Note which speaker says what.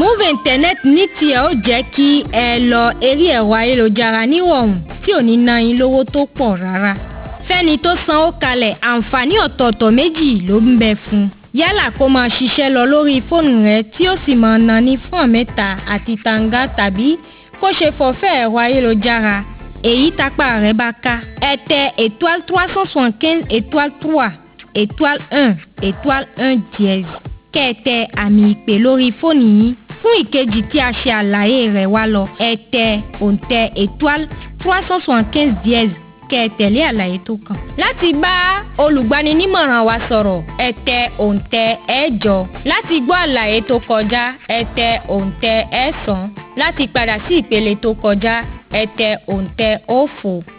Speaker 1: move internet ní tiẹ̀ ó e jẹ́ kí ẹ e lọ eré ẹ̀rọ ayélujára níwọ̀n tí ò ní ná yín lówó tó pọ̀ rárá fẹ́ni tó sanwó kalẹ̀ àǹfààní ọ̀tọ̀ọ̀tọ̀ méjì ló ń bẹ fún un yálà kó máa ṣiṣẹ́ lọ lórí fóònù rẹ tí ó sì máa ná ní fún mẹ́ta àti tàǹgà tàbí kó ṣe fọ̀fẹ́ ẹ̀rọ ayélujára èyí tápá rẹ bá ká ẹ tẹ étoile trois cent soixante-quinze étoile trois étoile un étoile un dièse kẹ́ àmì ìpè lórí fóònù yìí fún ìkejì tí a ṣe àlàyé rẹ̀ wá lọ ẹ tẹ òǹtẹ̀ étoile trois cent soixante-quinze dièse kẹ́ ẹ tẹ̀lé àlàyé tó kàn. láti bá olùgbaninímọ̀ràn wa sọ̀rọ̀ ẹ tẹ òǹtẹ̀ ẹ̀jọ láti gbọ́ àlàyé tó kọjá ẹ tẹ òǹtẹ̀ ẹ̀sán láti padà sí
Speaker 2: ìpele tó kọjá ẹ òǹtẹ̀ òfo.